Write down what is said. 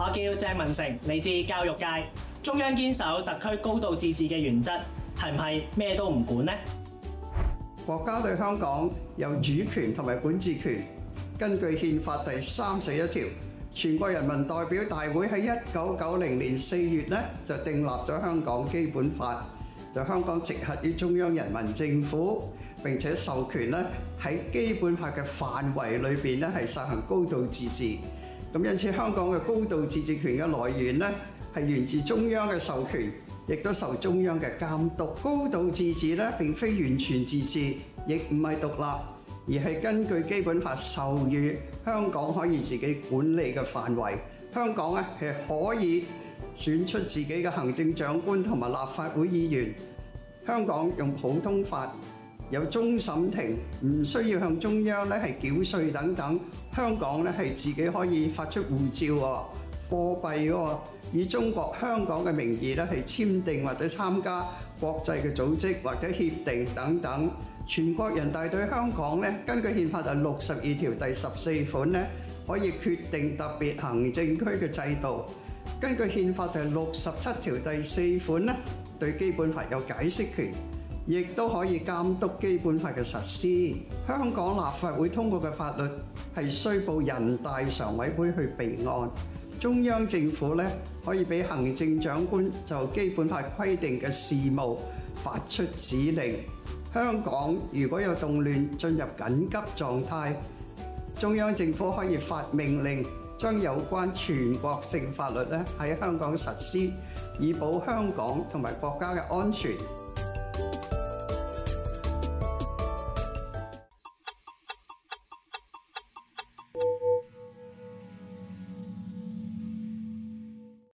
我叫鄭文誠，嚟自教育界。中央堅守特區高度自治嘅原則，係唔係咩都唔管呢？國家對香港有主權同埋管治權。根據憲法第三十一條，全國人民代表大會喺一九九零年四月咧就訂立咗香港基本法，就香港直轄於中央人民政府，並且授權咧喺基本法嘅範圍裏邊咧係實行高度自治。咁因此，香港嘅高度自治權嘅來源咧，係源自中央嘅授權，亦都受中央嘅監督。高度自治咧並非完全自治，亦唔係獨立，而係根據基本法授予香港可以自己管理嘅範圍。香港咧係可以選出自己嘅行政長官同埋立法會議員，香港用普通法。有終審庭，唔需要向中央咧係繳稅等等。香港咧係自己可以發出護照喎、貨幣喎，以中國香港嘅名義嚟簽訂或者參加國際嘅組織或者協定等等。全國人大對香港咧，根據憲法第六十二條第十四款咧，可以決定特別行政區嘅制度，根據憲法第六十七條第四款咧，對基本法有解釋權。亦都可以監督基本法嘅實施。香港立法會通過嘅法律係需報人大常委會去備案。中央政府咧可以俾行政長官就基本法規定嘅事務發出指令。香港如果有動亂進入緊急狀態，中央政府可以發命令將有關全國性法律咧喺香港實施，以保香港同埋國家嘅安全。